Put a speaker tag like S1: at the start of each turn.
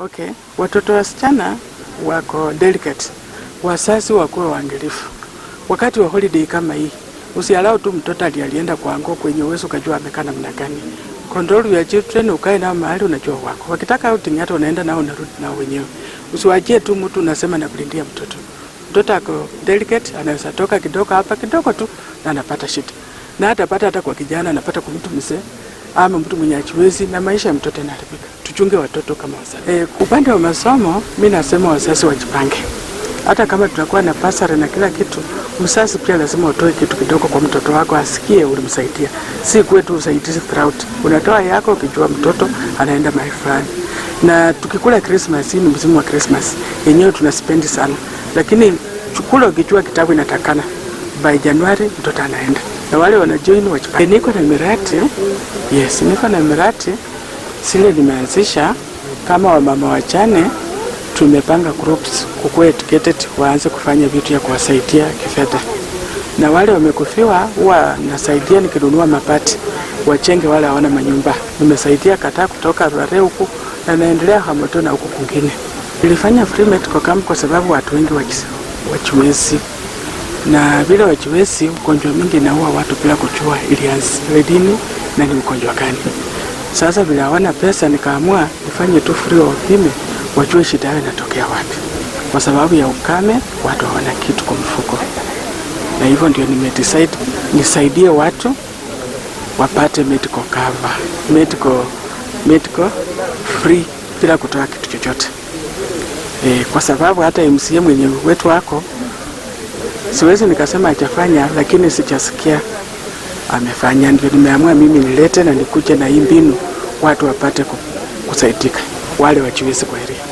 S1: Okay, watoto wasichana wako delicate, wasasi wakuwa waangalifu. Wakati wa holiday kama hii, usialau tu mtoto alienda kwa kwaango kwenye uwezo ukajua amekaa namna gani. Control ya children, ukae nao mahali unajua wako. Wakitaka outing, hata unaenda nao unarudi nao wenyewe. Usiwajie tu mtu unasema na kulindia mtoto. Mtoto ako delicate, anaweza toka kidogo hapa kidogo tu na anapata shida. Na hata pata hata kwa kijana anapata kwa mtu mzee ama mtu mwenye achiwezi na maisha ya mtoto yanaharibika tuchunge watoto kama wazazi.
S2: E, upande wa masomo mi nasema wazazi wajipange, hata kama tutakuwa na pasare na kila kitu, mzazi pia lazima utoe kitu kidogo kwa mtoto wako asikie ulimsaidia, si kwetu usaidizi throughout. Unatoa yako ukijua mtoto anaenda mahali fulani. Na tukikula Christmas, hii ni msimu wa Christmas yenyewe tunaspendi sana, lakini chukula ukijua kitabu inatakana by Januari mtoto anaenda na wale wanajoin wajipange. Eh, niko na mirati, yes, niko na mirati sile limeanzisha kama wamama wachane, tumepanga groups kukuwa educated, waanze kufanya vitu ya kuwasaidia kifedha, na wale wamekufiwa huwa nasaidia nikinunua mapati wachenge wale hawana manyumba. Nimesaidia kataa kutoka Rware huku na naendelea hamoto na huku kwingine. Nilifanya Freemate kwa kampu kwa sababu watu wengi wajiwezi, na vile wajiwezi ugonjwa mingi naua watu bila kuchua ilianza lini na ni ugonjwa gani. Sasa vile hawana pesa, nikaamua nifanye tu free, wapime wajue shida yao inatokea wapi, kwa sababu ya ukame watu hawana kitu kwa mfuko, na hivyo ndio nimedecide nisaidie watu wapate medical cover, medical, medical free bila kutoa kitu chochote e, kwa sababu hata MCA mwenye wetu wako siwezi nikasema hajafanya, lakini sijasikia amefanya. Ndio nimeamua mimi nilete na nikuje na hii mbinu watu wapate kusaidika, wale wachiwezi kwa heria.